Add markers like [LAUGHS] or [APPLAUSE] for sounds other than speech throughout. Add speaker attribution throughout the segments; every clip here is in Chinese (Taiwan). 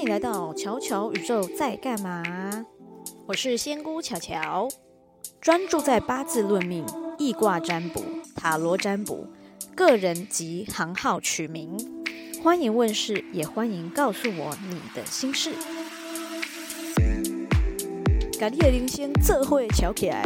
Speaker 1: 歡迎來到巧巧宇宙在幹嘛？我是仙姑巧巧，專注在八字論命、易卦占卜、塔羅占卜、個人及行號取名。歡迎問事，也歡迎告訴我你的心事。感謝的鈴聲做會巧起來。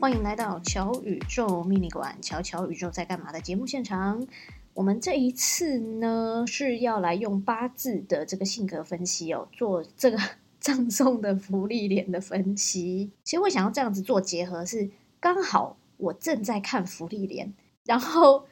Speaker 1: 歡迎來到巧宇宙迷你館，巧巧宇宙在幹嘛的節目現場。我們這一次呢，是要來用八字的這個性格分析哦，做這個葬送的芙莉蓮的分析。其實我想要這樣子做結合是，是剛好我正在看芙莉蓮，然後。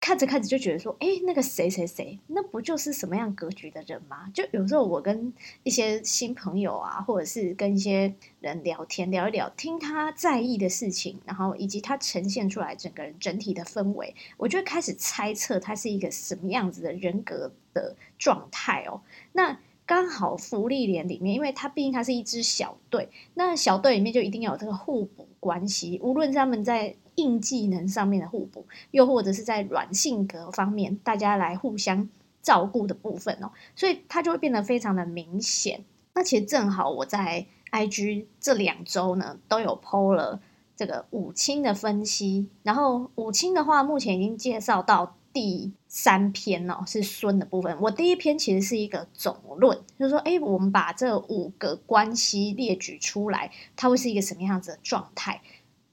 Speaker 1: 看着看着就覺得說，哎，那個誰誰誰，那不就是什麼樣格局的人嗎？就有時候我跟一些新朋友啊，或者是跟一些人聊天聊一聊，聽他在意的事情，然後以及他呈現出來整個人整體的氛圍，我就會開始猜測他是一個什麼樣子的人格的狀態哦。那剛好芙莉蓮裡面，因為他畢竟他是一支小隊，那小隊裡面就一定要有這個互補關係，無論他們在。硬技能上面的互補，又或者是在軟性格方面，大家來互相照顧的部分哦，所以它就會變得非常的明顯。那其實正好我在 IG 這兩周呢，都有 po 了這個五親的分析，然後五親的話，目前已經介紹到第三篇哦，是孫的部分。我第一篇其實是一個總論，就是說，哎，我們把這五個關係列舉出來，它會是一個什麼樣子的狀態。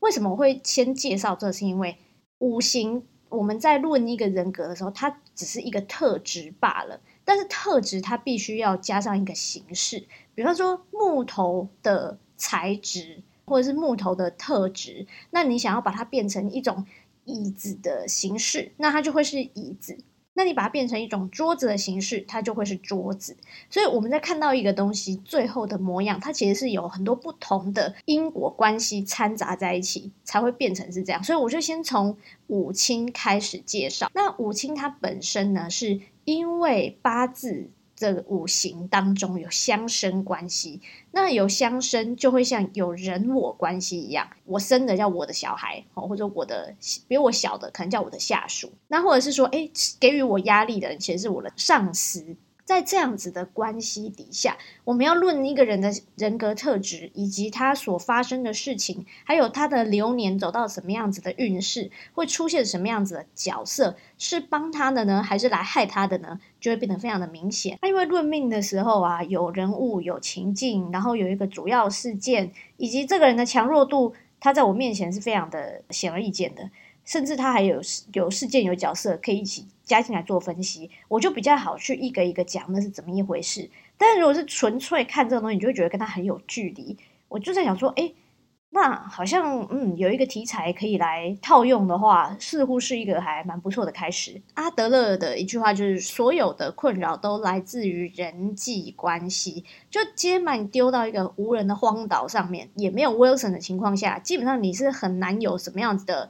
Speaker 1: 為什麼我會先介紹？這是因為五行，我們在論一個人格的時候，它只是一個特質罷了。但是特質它必須要加上一個形式，比方說木頭的材質或者是木頭的特質。那你想要把它變成一種椅子的形式，那它就會是椅子。那你把它變成一種桌子的形式，它就會是桌子。所以我們在看到一個東西最後的模樣，它其實是有很多不同的因果關係摻雜在一起，才會變成是這樣。所以我就先從五親開始介紹。那五親它本身呢，是因為八字。這個五行當中有相生關係，那有相生就會像有人我關係一樣，我生的叫我的小孩哦，或者我的比我小的可能叫我的下屬，那或者是說，哎，給予我壓力的人其實是我的上司。在這樣子的關係底下，我們要論一個人的人格特質，以及他所發生的事情，還有他的流年走到什麼樣子的運勢，會出現什麼樣子的角色，是幫他的呢，還是來害他的呢？就會變得非常的明顯。啊、因為論命的時候啊，有人物有情境，然後有一個主要事件，以及這個人的強弱度，他在我面前是非常的顯而易見的，甚至他還有有事件有角色可以一起加進來做分析，我就比較好去一個一個講那是怎麼一回事。但是如果是純粹看這個東西，你就會覺得跟他很有距離。我就在想說，誒、欸、那好像嗯有一個題材可以來套用的話，似乎是一個還蠻不錯的開始。阿德勒的一句話就是：所有的困擾都來自於人際關係。就今天把你丟到一個無人的荒島上面，也沒有 Wilson 的情況下，基本上你是很難有什麼樣子的。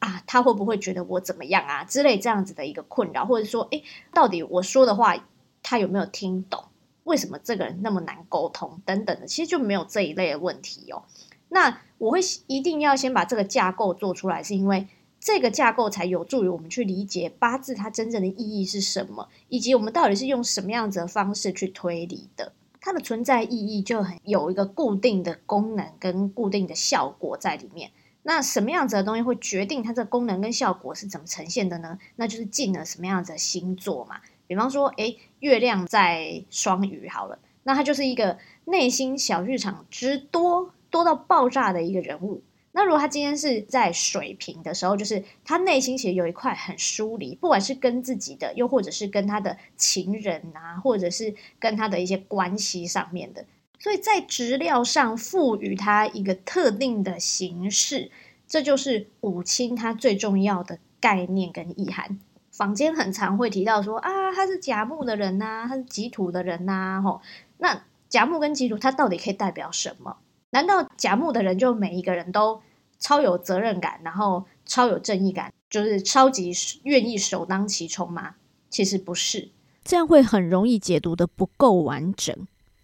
Speaker 1: 啊，他會不會覺得我怎麼樣啊之類這樣子的一個困擾，或者說，哎，到底我說的話他有沒有聽懂？為什麼這個人那麼難溝通等等的，其實就沒有這一類的問題哦。那我會一定要先把這個架構做出來，是因為這個架構才有助於我們去理解八字它真正的意義是什麼，以及我們到底是用什麼樣子的方式去推理的。它的存在意義就很有一個固定的功能跟固定的效果在裡面。那什麼樣子的東西會決定它這個功能跟效果是怎麼呈現的呢？那就是進了什麼樣子的星座嘛。比方說，誒、欸，月亮在雙魚，好了，那他就是一個內心小劇場之多多到爆炸的一個人物。那如果他今天是在水瓶的時候，就是他內心其實有一塊很疏離，不管是跟自己的，又或者是跟他的情人啊，或者是跟他的一些關係上面的。所以在質料上賦予它一個特定的形式，這就是五親他最重要的概念跟意涵。坊間很常會提到說啊，他是甲木的人吶、啊，他是己土的人吶、啊，吼。那甲木跟己土，它到底可以代表什麼？難道甲木的人就每一個人都超有責任感，然後超有正義感，就是超級願意首當其衝嗎？其實不是，這樣會很容易解讀得不夠完整。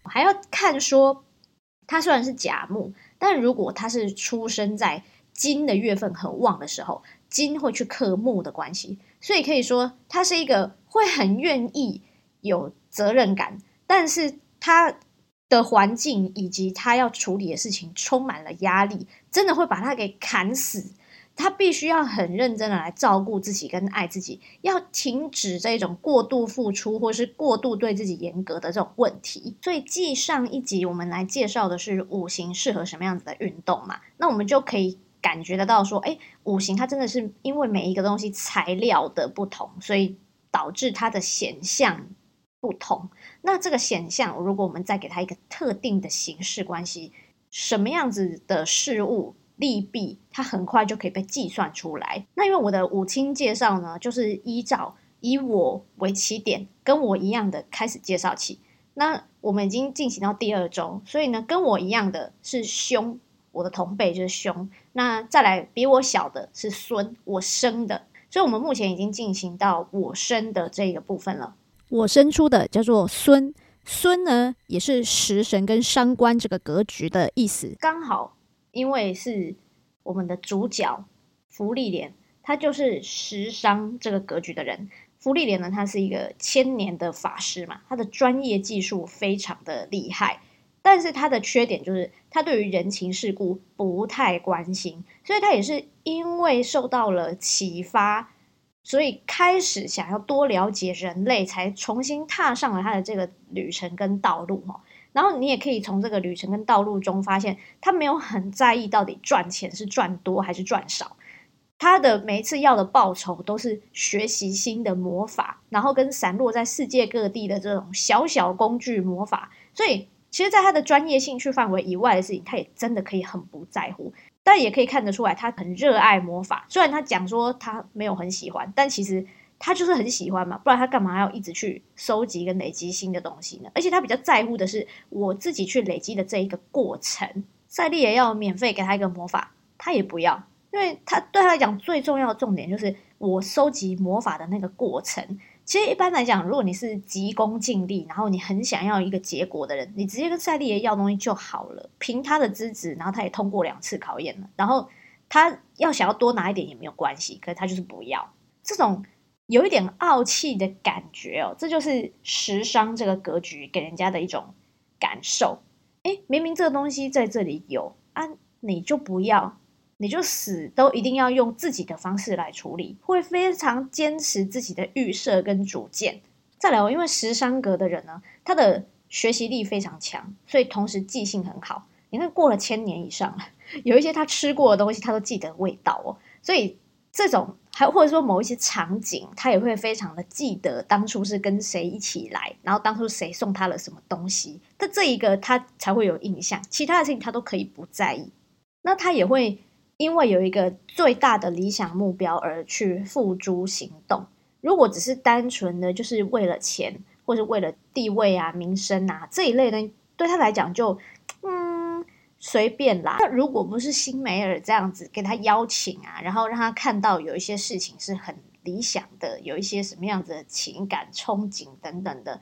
Speaker 1: 還要看說，他雖然是甲木，但如果他是出生在金的月份很旺的時候，金會去剋木的關係，所以可以說他是一個會很願意有責任感，但是他的環境以及他要處理的事情充滿了壓力，真的會把他給砍死。他必須要很認真的來照顧自己跟愛自己，要停止這種過度付出或是過度對自己嚴格的這種問題。所以，繼上一集我們來介紹的是五行適合什麼樣子的運動嘛？那我們就可以感覺得到說，哎、欸，五行它真的是因為每一個東西材料的不同，所以導致它的顯象不同。那這個顯象，如果我們再給它一個特定的形式關係，什麼樣子的事物？利弊，它很快就可以被計算出來。那因為我的五親介紹呢，就是依照以我為起點，跟我一樣的開始介紹起。那我們已經進行到第二周，所以呢，跟我一樣的是兄，我的同輩就是兄。那再來比我小的是孫，我生的。所以我們目前已經進行到我生的這個部分了。我生出的叫做孫，孫呢也是食神跟傷官這個格局的意思，剛好。因為是我們的主角芙莉蓮，他就是食傷這個格局的人。芙莉蓮呢，他是一個千年的法師嘛，他的專業技術非常的厲害，但是他的缺點就是他對於人情世故不太關心，所以他也是因為受到了啟發，所以開始想要多了解人類，才重新踏上了他的這個旅程跟道路哦。然後你也可以從這個旅程跟道路中發現，他沒有很在意到底賺錢是賺多還是賺少。他的每一次要的報酬都是學習新的魔法，然後跟散落在世界各地的這種小小工具魔法。所以，其實，在他的專業興趣範圍以外的事情，他也真的可以很不在乎。但也可以看得出來，他很熱愛魔法。雖然他講說他沒有很喜歡，但其實……他就是很喜歡嘛，不然他幹嘛要一直去收集跟累積新的東西呢？而且他比較在乎的是我自己去累積的這一個過程。賽利耶要免費給他一個魔法，他也不要，因為他對他來講最重要的重點就是我收集魔法的那個過程。其實一般來講，如果你是急功近利，然後你很想要一個結果的人，你直接跟賽利耶要東西就好了。憑他的資質，然後他也通過兩次考驗了，然後他要想要多拿一點也沒有關係，可是他就是不要這種。有一點傲氣的感覺哦，這就是食傷這個格局給人家的一種感受。誒明明這個東西在這裡有啊，你就不要，你就死都一定要用自己的方式來處理，會非常堅持自己的預設跟主見。再來哦，因為食傷格的人呢，他的學習力非常強，所以同時記性很好。你看，過了千年以上了，有一些他吃過的東西，他都記得味道哦。所以這種。還或者說某一些場景，他也會非常的記得當初是跟誰一起來，然後當初誰送他了什麼東西，但這一個他才會有印象，其他的事情他都可以不在意。那他也會因為有一個最大的理想目標而去付諸行動。如果只是單純的就是為了錢或者為了地位啊、名聲啊這一類呢，對他來講就。隨便啦。那如果不是辛梅爾這樣子給他邀請啊，然後讓他看到有一些事情是很理想的，有一些什麼樣子的情感憧憬等等的，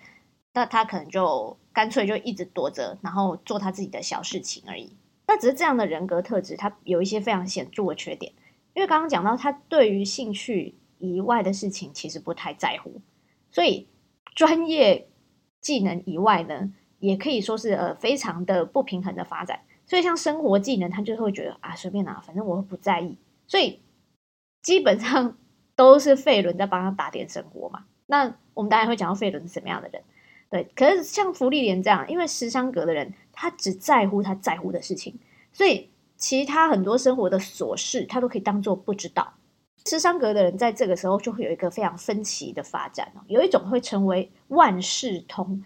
Speaker 1: 那他可能就乾脆就一直躲着，然後做他自己的小事情而已。那只是這樣的人格特質，他有一些非常顯著的缺點。因為剛剛講到，他對於興趣以外的事情其實不太在乎，所以專業技能以外呢，也可以說是呃非常的不平衡的發展。所以，像生活技能，他就會覺得啊，隨便拿、啊，反正我不在意。所以，基本上都是費倫在幫他打點生活嘛。那我們當然會講到費倫是什麼樣的人，對。可是，像芙莉蓮這樣，因為食傷格的人，他只在乎他在乎的事情，所以其他很多生活的瑣事，他都可以當做不知道。食傷格的人在這個時候就會有一個非常分歧的發展哦，有一種會成為萬事通。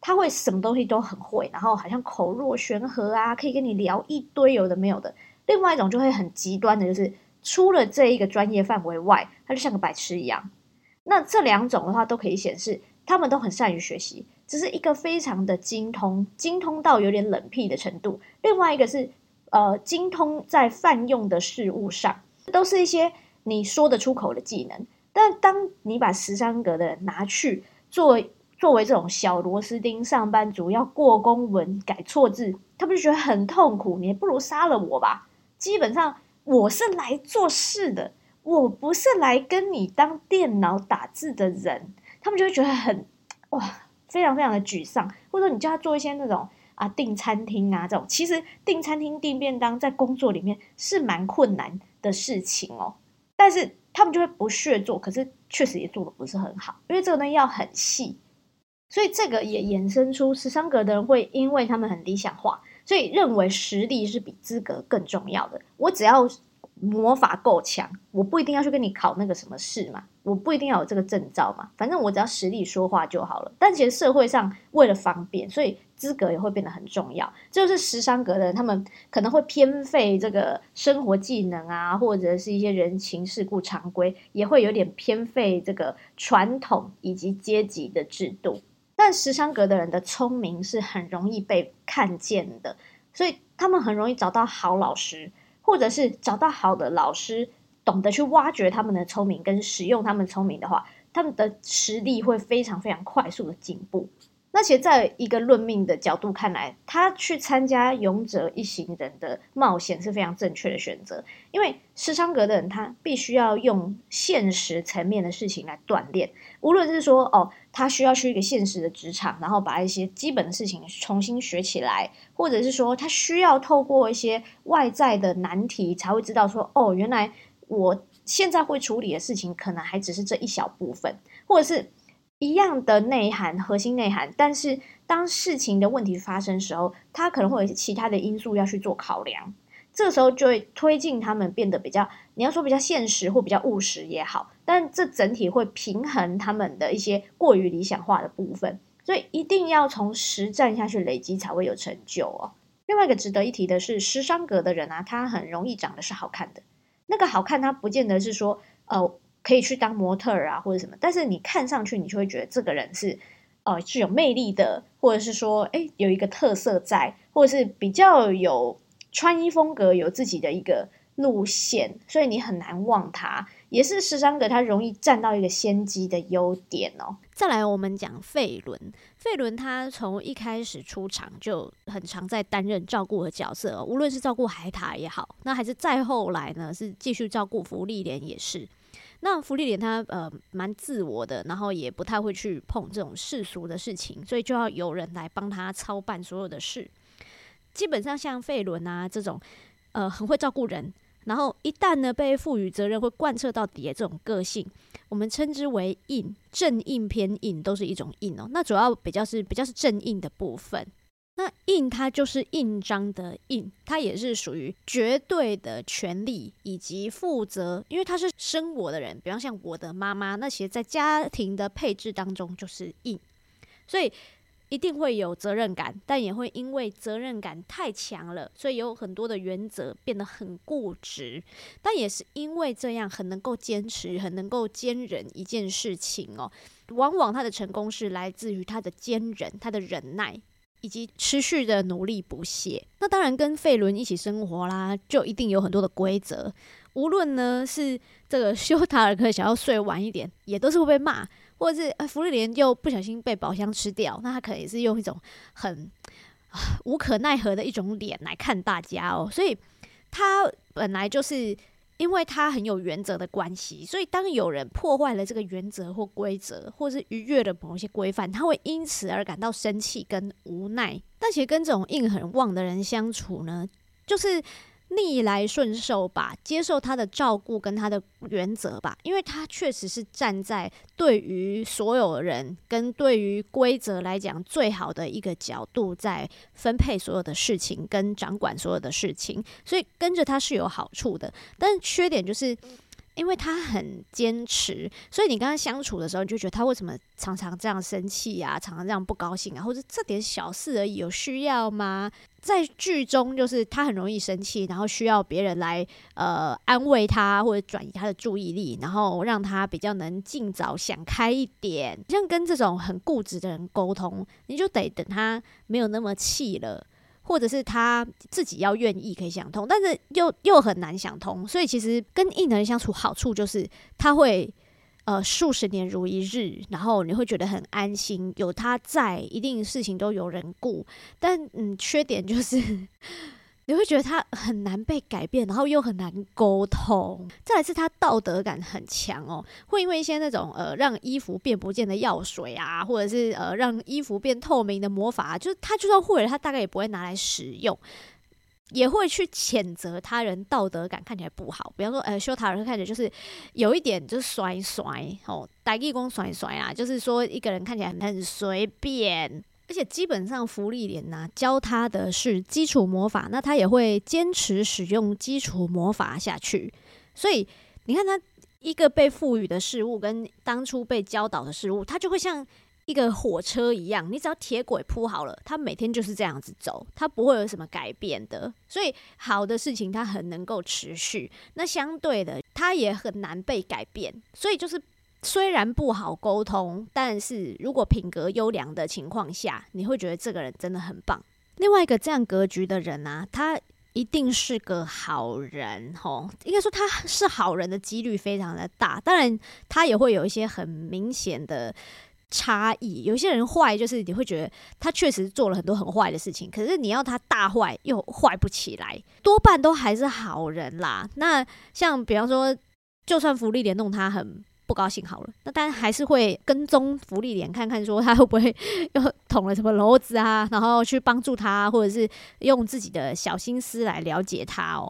Speaker 1: 他會什麼東西都很會，然後好像口若懸河啊，可以跟你聊一堆有的沒有的。另外一種就會很極端的，就是除了這一個專業範圍外，他就像個白痴一樣。那這兩種的話都可以顯示，他們都很善於學習，只是一個非常的精通，精通到有點冷僻的程度。另外一個是呃，精通在泛用的事物上，都是一些你說得出口的技能。但當你把十三格的人拿去做。作為這種小螺絲釘上班族，要過公文改錯字，他們就覺得很痛苦。你也不如殺了我吧！基本上我是來做事的，我不是來跟你當電腦打字的人。他們就會覺得很哇，非常非常的沮喪。或者說你叫他做一些那種啊訂餐廳啊這種，其實訂餐廳訂便當在工作裡面是蠻困難的事情哦。但是他們就會不屑做，可是確實也做得不是很好，因為這個呢要很細。所以這個也衍生出食傷格的人會，因為他們很理想化，所以認為實力是比資格更重要的。我只要魔法夠強，我不一定要去跟你考那個什麼試嘛，我不一定要有這個證照嘛，反正我只要實力說話就好了。但其實社會上為了方便，所以資格也會變得很重要。就是食傷格的人，他們可能會偏廢這個生活技能啊，或者是一些人情世故常規，也會有點偏廢這個傳統以及階級的制度。但食傷格的人的聰明是很容易被看見的，所以他們很容易找到好老師，或者是找到好的老師，懂得去挖掘他們的聰明跟使用他們聰明的話，他們的實力會非常非常快速的進步。那其實，在一個論命的角度看來，他去參加勇者一行人的冒險是非常正確的選擇，因為食傷格的人他必須要用現實層面的事情來鍛煉，無論是說哦。他需要去一個現實的職場，然後把一些基本的事情重新學起來，或者是說，他需要透過一些外在的難題，才會知道說，哦，原來我現在會處理的事情，可能還只是這一小部分，或者是一樣的內涵、核心內涵，但是當事情的問題發生的時候，他可能會有其他的因素要去做考量。這時候就會推進他們變得比較，你要說比較現實或比較務實也好，但這整體會平衡他們的一些過於理想化的部分，所以一定要從實戰下去累積才會有成就哦。另外一個值得一提的是，傷官格的人啊，他很容易長得是好看的，那個好看他不見得是說呃可以去當模特兒啊或者什麼，但是你看上去你就會覺得這個人是呃是有魅力的，或者是說誒有一個特色在，或者是比較有。穿衣風格有自己的一個路線，所以你很難忘他。也是食傷格，他容易佔到一個先機的優點哦。再來，我們講費倫，費倫他從一開始出場就很常在擔任照顧的角色哦，無論是照顧海塔也好，那還是再後來呢，是繼續照顧芙莉蓮也是。那芙莉蓮他呃蠻自我的，然後也不太會去碰這種世俗的事情，所以就要有人來幫他操辦所有的事。基本上像費倫啊這種，呃，很會照顧人，然後一旦呢被賦予責任會貫徹到底的這種個性，我們稱之為印，正印偏印都是一種印哦。那主要比較是比較是正印的部分。那印它就是印章的印，它也是屬於絕對的權利以及負責，因為他是生我的人，比方像我的媽媽，那其實在家庭的配置當中就是印。所以。一定會有責任感，但也會因為責任感太強了，所以有很多的原則變得很固執。但也是因為這樣，很能夠堅持，很能夠堅韌一件事情哦。往往他的成功是來自於他的堅韌、他的忍耐以及持續的努力不懈。那當然，跟費倫一起生活啦，就一定有很多的規則。無論呢是這個修塔爾克想要睡晚一點，也都是會被罵。或者是芙莉蓮又不小心被寶箱吃掉，那他可能也是用一種很無可奈何的一種臉來看大家哦、喔。所以他本來就是因為他很有原則的關係，所以當有人破壞了這個原則或規則，或是逾越了某些規範，他會因此而感到生氣跟無奈。但其實跟這種印很旺的人相處呢，就是。逆來順受吧，接受他的照顧跟他的原則吧，因為他確實是站在對於所有人跟對於規則來講最好的一個角度，在分配所有的事情跟掌管所有的事情，所以跟着他是有好處的，但是缺點就是。嗯因為他很堅持，所以你跟他相處的時候，你就覺得他為什麼常常這樣生氣呀、啊，常常這樣不高興啊？或者這點小事而已，有需要嗎？在劇中就是他很容易生氣，然後需要別人來呃安慰他或者轉移他的注意力，然後讓他比較能盡早想開一點。像跟這種很固執的人溝通，你就得等他沒有那麼氣了。或者是他自己要願意可以想通，但是又又很難想通，所以其實跟印能人相處好處就是他會呃數十年如一日，然後你會覺得很安心，有他在，一定事情都有人顧。但嗯，缺點就是。 [LAUGHS] 你會覺得他很難被改變，然後又很難溝通。再來是他道德感很強哦，會因為一些那種呃讓衣服變不見的藥水啊，或者是呃讓衣服變透明的魔法，啊，就是他就算會了，他大概也不會拿來使用，也會去譴責他人。道德感看起來不好，比方說呃修塔爾看起來就是有一點就是甩甩哦，打義工甩甩啊，就是說一個人看起來很隨便。而且基本上，芙莉蓮吶、啊，教他的是基礎魔法，那他也會堅持使用基礎魔法下去。所以你看，他一個被賦予的事物，跟當初被教導的事物，它就會像一個火車一樣，你只要鐵軌鋪好了，他每天就是這樣子走，它不會有什麼改變的。所以好的事情，它很能夠持續；那相對的，他也很難被改變。所以就是。雖然不好溝通，但是如果品格優良的情況下，你會覺得這個人真的很棒。另外一個這樣格局的人呢、啊，他一定是個好人，哦。應該說他是好人的幾率非常的大。當然，他也會有一些很明顯的差異。有些人壞，就是你會覺得他確實做了很多很壞的事情，可是你要他大壞又壞不起來，多半都還是好人啦。那像比方說，就算芙莉蓮動，他很不高興好了，那當然還是會跟蹤芙莉蓮，看看說他會不會又捅了什麼簍子啊，然後去幫助他，或者是用自己的小心思來了解他哦。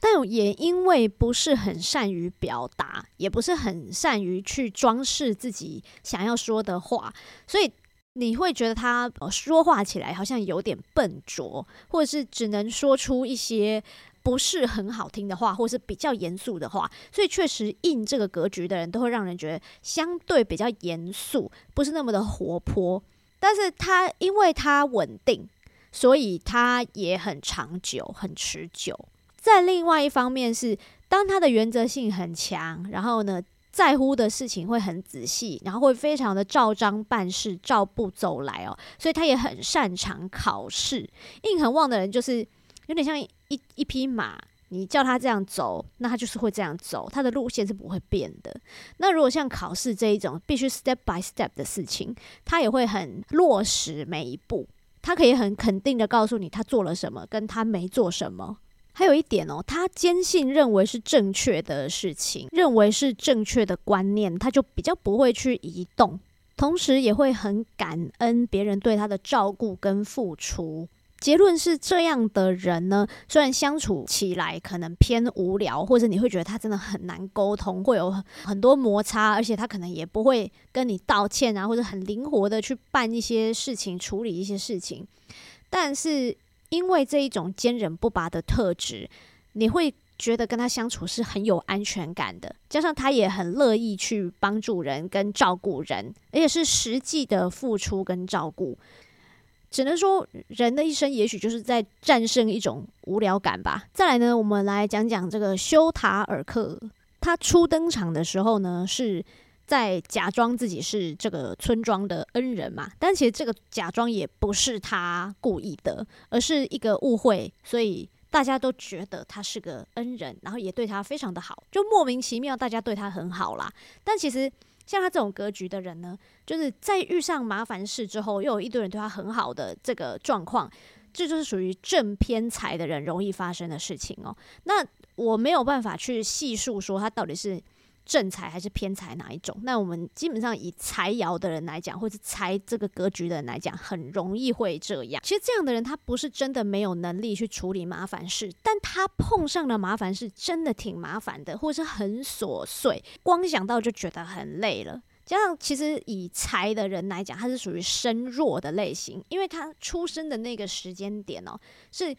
Speaker 1: 但也因為不是很善於表達，也不是很善於去裝飾自己想要說的話，所以你會覺得他說話起來好像有點笨拙，或者是只能說出一些，不是很好聽的話，或是比較嚴肅的話，所以確實印這個格局的人都會讓人覺得相對比較嚴肅，不是那麼的活潑。但是他因為他穩定，所以他也很長久、很持久。在另外一方面是，當他的原則性很強，然後呢，在乎的事情會很仔細，然後會非常的照章辦事、照步走來哦。所以他也很擅長考試。印很旺的人就是，有點像一一,一匹馬，你叫他這樣走，那他就是會這樣走，他的路線是不會變的。那如果像考試這一種必須 step by step 的事情，他也會很落實每一步，他可以很肯定的告訴你他做了什麼，跟他沒做什麼。還有一點哦，他堅信認為是正確的事情，認為是正確的觀念，他就比較不會去移動，同時也會很感恩別人對他的照顧跟付出。結論是這樣的人呢，雖然相處起來可能偏無聊，或者你會覺得他真的很難溝通，會有很多摩擦，而且他可能也不會跟你道歉啊，或者很靈活的去辦一些事情、處理一些事情。但是因為這一種堅韌不拔的特質，你會覺得跟他相處是很有安全感的，加上他也很樂意去幫助人、跟照顧人，而且是實際的付出跟照顧。只能說人的一生也許就是在戰勝一種無聊感吧。再來呢，我們來講講這個修塔爾克。他初登場的時候呢，是在假裝自己是這個村莊的恩人嘛。但其實這個假裝也不是他故意的，而是一個誤會，所以大家都覺得他是個恩人，然後也對他非常的好，就莫名其妙大家對他很好啦。但其實。像他這種格局的人呢，就是在遇上麻煩事之後，又有一堆人對他很好的這個狀況，這就是屬於正偏財的人容易發生的事情哦、喔。那我沒有辦法去細數說他到底是。正財還是偏財哪一種？那我們基本上以財爻的人來講，或是財這個格局的人來講，很容易會這樣。其實這樣的人，他不是真的沒有能力去處理麻煩事，但他碰上的麻煩事真的挺麻煩的，或是很瑣碎，光想到就覺得很累了。加上其實以財的人來講，他是屬於身弱的類型，因為他出生的那個時間點哦，是。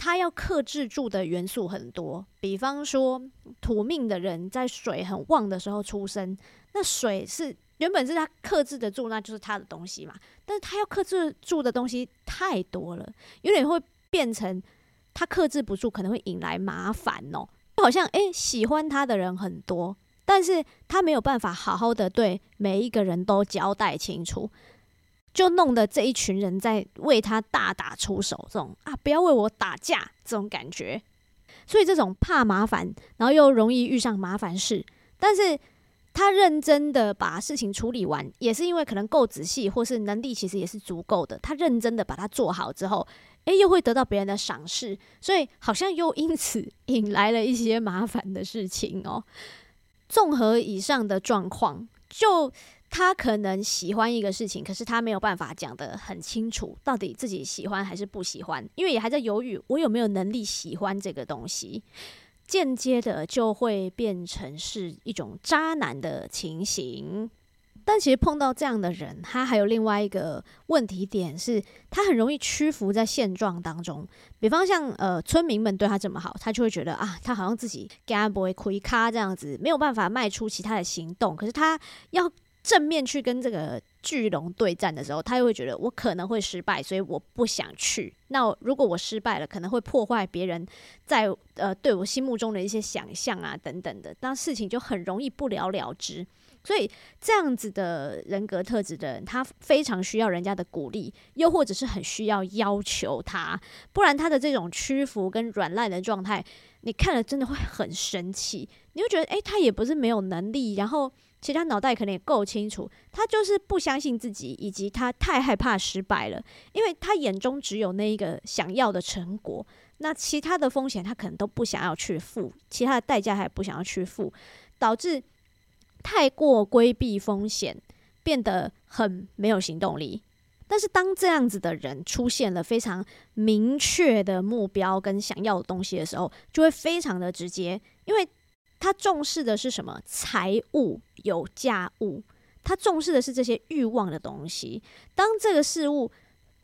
Speaker 1: 他要克制住的元素很多，比方說土命的人在水很旺的時候出生，那水是原本是他克制得住，那就是他的東西嘛。但是他要克制住的東西太多了，有點會變成他克制不住，可能會引來麻煩哦。就好像誒，喜歡他的人很多，但是他沒有辦法好好的對每一個人都交代清楚。就弄得這一群人在為他大打出手，這種啊，不要為我打架，這種感覺。所以這種怕麻煩，然後又容易遇上麻煩事。但是他認真的把事情處理完，也是因為可能夠仔細，或是能力其實也是足夠的。他認真的把它做好之後，誒，又會得到別人的賞識，所以好像又因此引來了一些麻煩的事情哦。綜合以上的狀況，就。他可能喜歡一個事情，可是他沒有辦法講得很清楚，到底自己喜歡還是不喜歡，因為也還在猶豫，我有沒有能力喜歡這個東西，間接的就會變成是一種渣男的情形。但其實碰到這樣的人，他還有另外一個問題點是，他很容易屈服在現狀當中，比方像呃村民們對他這麼好，他就會覺得啊，他好像自己甘拜虧咖這樣子，沒有辦法邁出其他的行動。可是他要。正面去跟這個巨龍對戰的時候，他又會覺得我可能會失敗，所以我不想去。那如果我失敗了，可能會破壞別人在呃對我心目中的一些想象啊等等的，那事情，就很容易不了了之。所以這樣子的人格特質的人，他非常需要人家的鼓勵，又或者是很需要要求他，不然他的這種屈服跟軟爛的狀態，你看了真的會很神奇，你會覺得誒、欸，他也不是沒有能力，然後。其實他腦袋可能也夠清楚，他就是不相信自己，以及他太害怕失敗了，因為他眼中只有那一個想要的成果，那其他的風險他可能都不想要去付，其他的代價還不想要去付，導致太過規避風險，變得很沒有行動力。但是當這樣子的人出現了非常明確的目標跟想要的東西的時候，就會非常的直接，因為。他重視的是什麼？財務有價物，他重視的是這些慾望的東西。當這個事物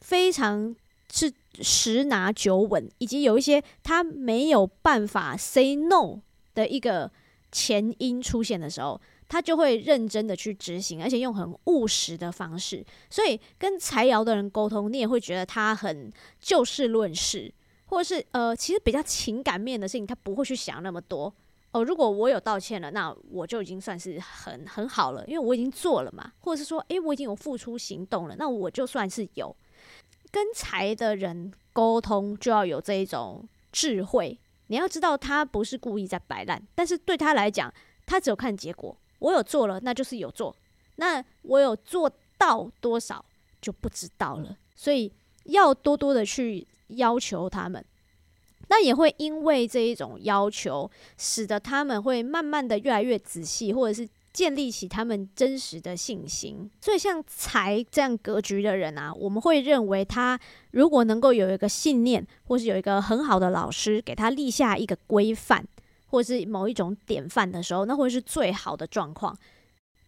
Speaker 1: 非常是十拿九穩，以及有一些他沒有辦法 say no 的一個前因出現的時候，他就會認真的去執行，而且用很務實的方式。所以跟財爻的人溝通，你也會覺得他很就事論事，或者是呃，其實比較情感面的事情，他不會去想那麼多。哦，如果我有道歉了，那我就已經算是很很好了，因為我已經做了嘛，或者是說，誒、欸，我已經有付出行動了，那我就算是有跟財的人溝通，就要有這一種智慧。你要知道，他不是故意在擺爛，但是對他來講，他只有看結果。我有做了，那就是有做，那我有做到多少就不知道了。所以要多多的去要求他們。那也會因為這一種要求，使得他們會慢慢的越來越仔細，或者是建立起他們真實的信心。所以像財這樣格局的人啊，我們會認為他如果能夠有一個信念，或是有一個很好的老師給他立下一個規範，或是某一種典範的時候，那會是最好的狀況，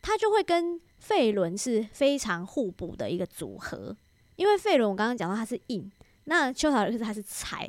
Speaker 1: 他就會跟費倫是非常互補的一個組合。因為費倫我剛剛講到他是印，那修塔爾克他是財。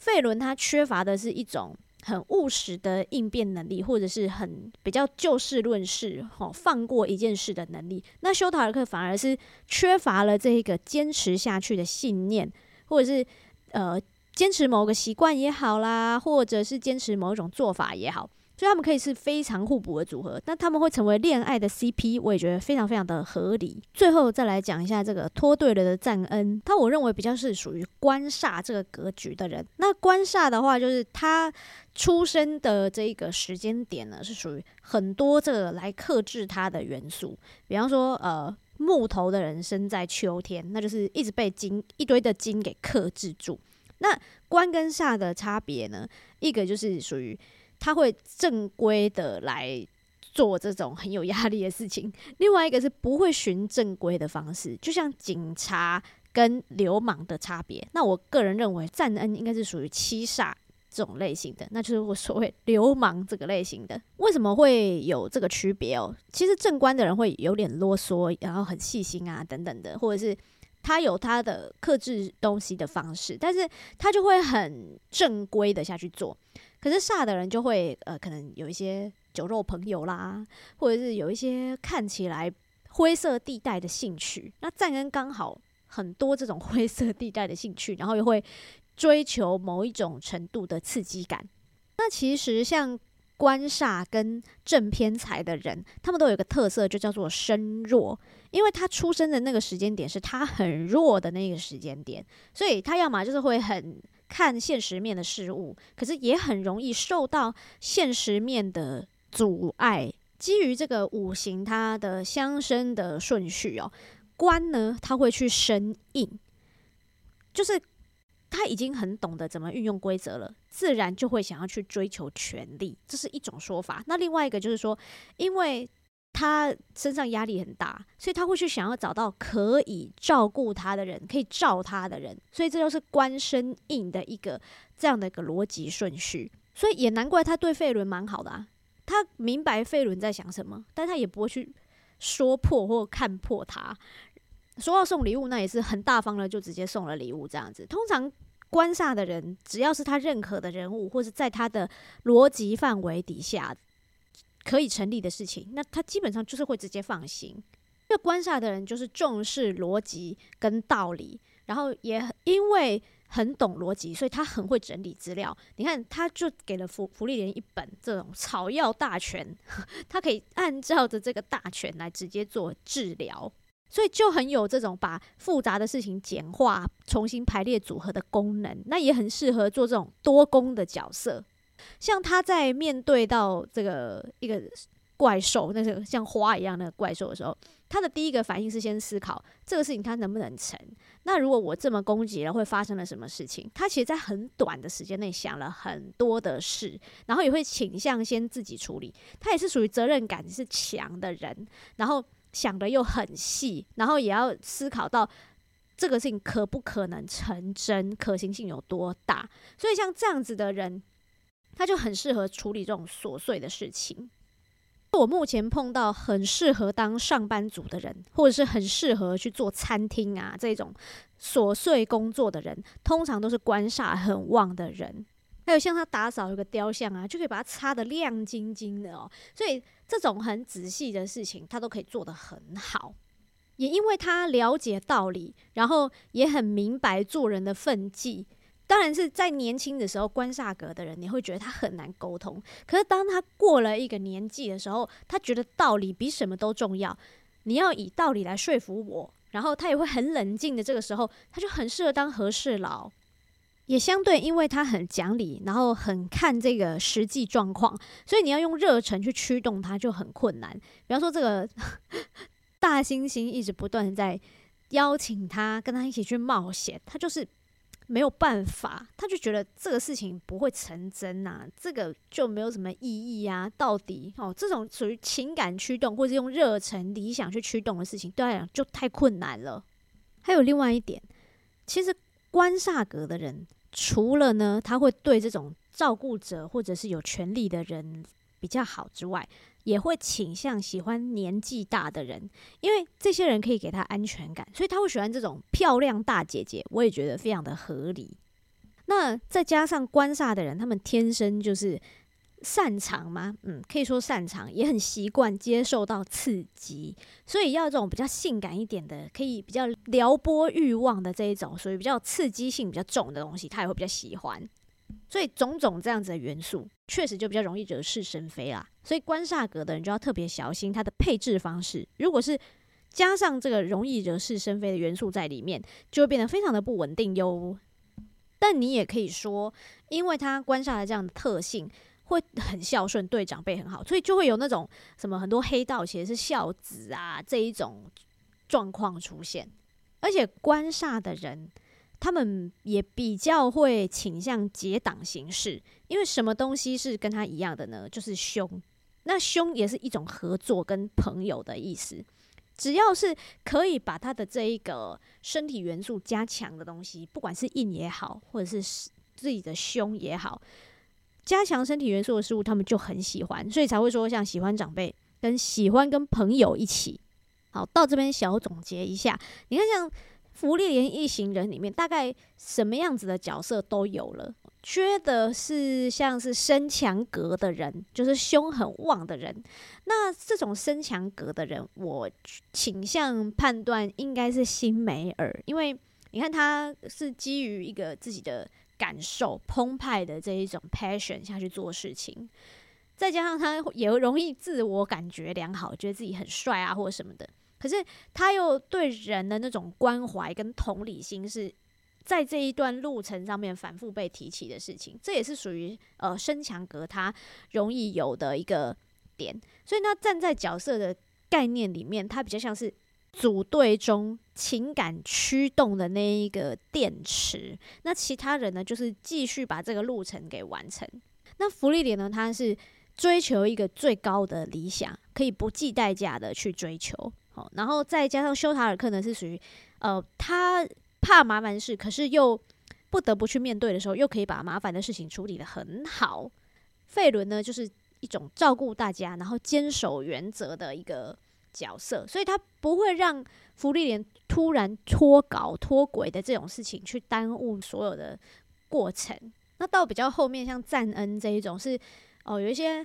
Speaker 1: 費倫他缺乏的是一種很務實的應變能力，或者是很比較就事論事，吼、哦、放過一件事的能力。那修塔爾克反而是缺乏了這一個堅持下去的信念，或者是呃堅持某個習慣也好啦，或者是堅持某一種做法也好。所以他們可以是非常互補的組合，那他們會成為戀愛的 CP，我也覺得非常非常的合理。最後再來講一下這個脫隊了的贊恩，他我認為比較是屬於官煞這個格局的人。那官煞的話，就是他出生的這一個時間點呢，是屬於很多這個來克制他的元素。比方說，呃，木頭的人生在秋天，那就是一直被金一堆的金給克制住。那官跟煞的差別呢，一個就是屬於。他會正規的來做這種很有壓力的事情，另外一個是不會循正規的方式，就像警察跟流氓的差別。那我個人認為，贊恩應該是屬於七煞這種類型的，那就是我所謂流氓這個類型的。為什麼會有這個區別哦？其實正官的人會有點囉嗦，然後很細心啊，等等的，或者是他有他的克制東西的方式，但是他就會很正規的下去做。可是煞的人就會呃，可能有一些酒肉朋友啦，或者是有一些看起來灰色地帶的興趣。那贊恩剛好很多這種灰色地帶的興趣，然後又會追求某一種程度的刺激感。那其實像官煞跟正偏財的人，他們都有一個特色，就叫做身弱，因為他出生的那個時間點是他很弱的那個時間點，所以他要麼就是會很看現實面的事物，可是也很容易受到現實面的阻礙。基於這個五行它的相生的順序哦，官呢，他會去生印，就是他已經很懂得怎麼運用規則了，自然就會想要去追求權力，這是一種說法。那另外一個就是說，因為。他身上壓力很大，所以他會去想要找到可以照顧他的人，可以照他的人。所以這就是官生印的一個這樣的一個邏輯順序。所以也難怪他對費倫蠻好的啊，他明白費倫在想什麼，但他也不會去說破或看破他。說要送禮物，那也是很大方的，就直接送了禮物這樣子。通常官煞的人，只要是他認可的人物，或者在他的邏輯範圍底下。可以成立的事情，那他基本上就是會直接放行。這官煞的人就是重視邏輯跟道理，然後也因為很懂邏輯，所以他很會整理資料。你看，他就給了芙芙莉蓮一本這種草藥大全，他可以按照着這個大全來直接做治療，所以就很有這種把複雜的事情簡化、重新排列組合的功能。那也很適合做這種多工的角色。像他在面對到這個一個怪獸，那個像花一樣那個怪獸的時候，他的第一個反應是先思考這個事情他能不能成。那如果我這麼攻擊了，會發生了什麼事情？他其實，在很短的時間內想了很多的事，然後也會傾向先自己處理。他也是屬於責任感是強的人，然後想得又很細，然後也要思考到這個事情可不可能成真，可行性有多大。所以像這樣子的人。他就很適合處理這種瑣碎的事情。我目前碰到很適合當上班族的人，或者是很適合去做餐廳啊，這種瑣碎工作的人，通常都是官煞很旺的人。還有像他打掃一個雕像啊，就可以把它擦得亮晶晶的哦、喔。所以這種很仔細的事情，他都可以做得很好。也因為他了解道理，然後也很明白做人的分際。當然是在年輕的時候，官殺格的人，你會覺得他很難溝通。可是當他過了一個年紀的時候，他覺得道理比什麼都重要。你要以道理來說服我，然後他也會很冷靜的。這個時候，他就很適合當和事佬。也相對，因為他很講理，然後很看這個實際狀況，所以你要用熱忱去驅動他就很困難。比方說，這個 [LAUGHS] 大猩猩一直不斷在邀請他跟他一起去冒險，他就是。沒有辦法，他就覺得這個事情不會成真吶、啊，這個就沒有什麼意義呀、啊。到底哦，這種屬於情感驅動，或者用熱忱、理想去驅動的事情，對他來講就太困難了。還有另外一點，其實觀煞格的人，除了呢，他會對這種照顧者或者是有權力的人比較好之外。也會傾向喜歡年紀大的人，因為這些人可以給他安全感，所以他會喜歡這種漂亮大姐姐。我也覺得非常的合理。那再加上官煞的人，他們天生就是擅長嘛，嗯，可以說擅長，也很習慣接受到刺激，所以要這種比較性感一點的，可以比較撩撥慾望的這一種，屬於比較刺激性比較重的東西，他也會比較喜歡。所以種種這樣子的元素。確實就比較容易惹是生非啦，所以官殺格的人就要特別小心他的配置方式。如果是加上這個容易惹是生非的元素在裡面，就會變得非常的不穩定喲。但你也可以說，因為他官殺的這樣的特性，會很孝順，對長輩很好，所以就會有那種什麼很多黑道其實是孝子啊這一種狀況出現。而且官殺的人。他們也比較會傾向結黨形式，因為什麼東西是跟他一樣的呢？就是兄。那兄也是一種合作跟朋友的意思。只要是可以把他的這一個身體元素加強的東西，不管是印也好，或者是自己的兄也好，加強身體元素的事物，他們就很喜歡，所以才會說像喜歡長輩跟喜歡跟朋友一起。好，到這邊小總結一下，你看像。芙莉蓮一行人裡面，大概什麼樣子的角色都有了。缺的是像是身強格的人，就是胸很旺的人。那這種身強格的人，我傾向判斷應該是辛梅爾，因為你看他是基於一個自己的感受、澎湃的這一種 passion 下去做事情，再加上他也容易自我感覺良好，覺得自己很帥啊，或什麼的。可是他又對人的那種關懷跟同理心是在這一段路程上面反覆被提起的事情，這也是屬於呃身強格他容易有的一個點。所以呢，站在角色的概念裡面，他比較像是組隊中情感驅動的那一個電池。那其他人呢，就是繼續把這個路程給完成。那芙莉蓮呢，他是追求一個最高的理想，可以不計代價的去追求。好、哦，然後再加上修塔爾克呢，是屬於呃，他怕麻煩事，可是又不得不去面對的時候，又可以把麻煩的事情處理得很好。費倫呢，就是一種照顧大家，然後堅守原則的一個角色，所以他不會讓芙莉蓮突然脫稿脫軌的這種事情去耽誤所有的過程。那到比較後面，像贊恩這一種是哦、呃，有一些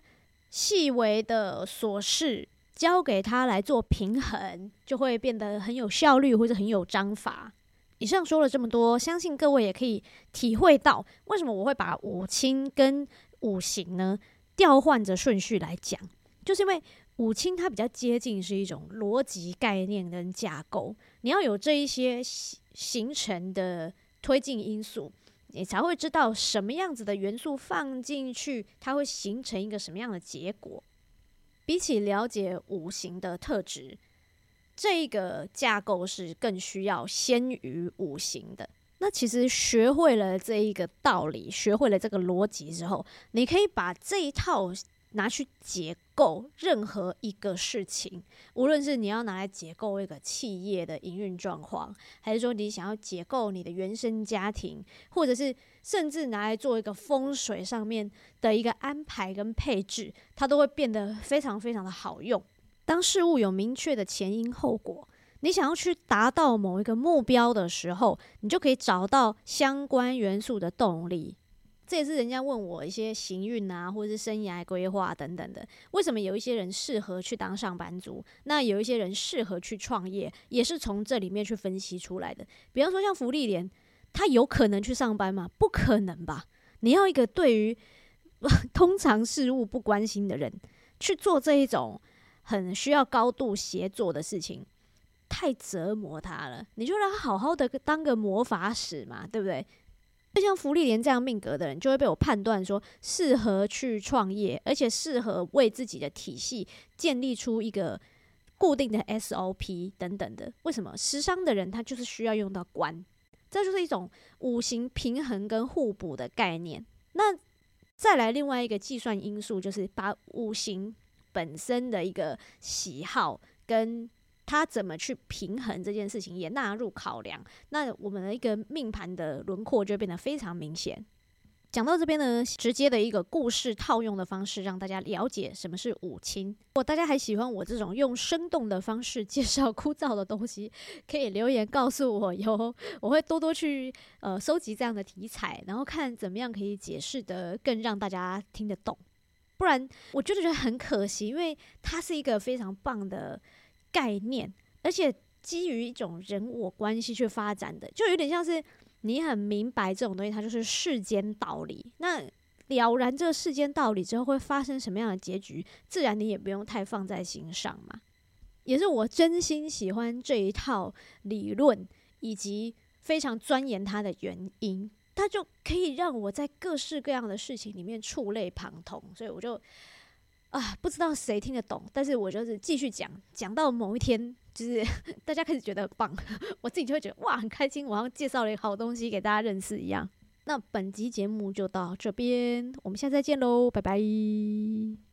Speaker 1: 細微的瑣事，交給他來做平衡，就會變得很有效率，或者很有章法。以上說了這麼多，相信各位也可以體會到為什麼我會把五親跟五行呢調換着順序來講，就是因為五親它比較接近是一種邏輯概念跟架構，你要有這一些形形成的推進因素，你才會知道什麼樣子的元素放進去，它會形成一個什麼樣的結果。比起了解五行的特質，這個架構是更需要先於五行的。那其實學會了這一個道理，學會了這個邏輯之後，你可以把這一套拿去解。構任何一個事情，無論是你要拿來解構一個企業的營運狀況，還是說你想要解構你的原生家庭，或者是甚至拿來做一個風水上面的一個安排跟配置，它都會變得非常非常的好用。當事物有明確的前因後果，你想要去達到某一個目標的時候，你就可以找到相關元素的動力。這也是人家問我一些行運啊，或者是生涯規劃等等的。為什麼有一些人適合去當上班族，那有一些人適合去創業，也是從這裡面去分析出來的。比方說像芙莉蓮，他有可能去上班嗎？不可能吧？你要一個對於通常事物不關心的人去做這一種很需要高度協作的事情，太折磨他了。你就讓他好好的當個魔法使嘛，對不對？就像芙莉蓮這樣命格的人，就會被我判斷說適合去創業，而且適合為自己的體系建立出一個固定的 SOP 等等的。為什麼食傷的人他就是需要用到官？這就是一種五行平衡跟互補的概念。那再來另外一個計算因素，就是把五行本身的一個喜好跟他怎麼去平衡這件事情也納入考量，那我們的一個命盤的輪廓就變得非常明顯。講到這邊呢，直接的一個故事套用的方式，讓大家了解什麼是五親。如果大家還喜歡我這種用生動的方式介紹枯燥的東西，可以留言告訴我喲，我會多多去呃收集這樣的題材，然後看怎麼樣可以解釋的更讓大家聽得懂。不然我真的覺得很可惜，因為它是一個非常棒的。概念，而且基於一種人我關係去發展的，就有點像是你很明白這種東西，它就是世間道理。那了然這個世間道理之後，會發生什麼樣的結局，自然你也不用太放在心上嘛。也是我真心喜歡這一套理論，以及非常鑽研它的原因，它就可以讓我在各式各樣的事情裡面觸類旁通，所以我就。啊，不知道誰聽得懂，但是我就是繼續講，講到某一天，就是大家開始覺得棒，我自己就會覺得哇，很開心，我好像介紹了一個好東西給大家認識一樣。那本集節目就到這邊，我們下次再見嘍，拜拜。